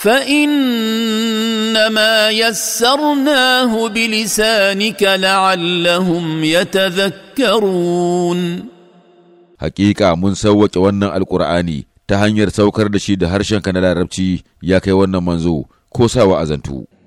فانما يسرناه بلسانك لعلهم يتذكرون حقيقه من سوّك wannan alqur'ani ta hanyar saukar da shi da harshenka na larabci ya kai wannan manzo ko sawa azantu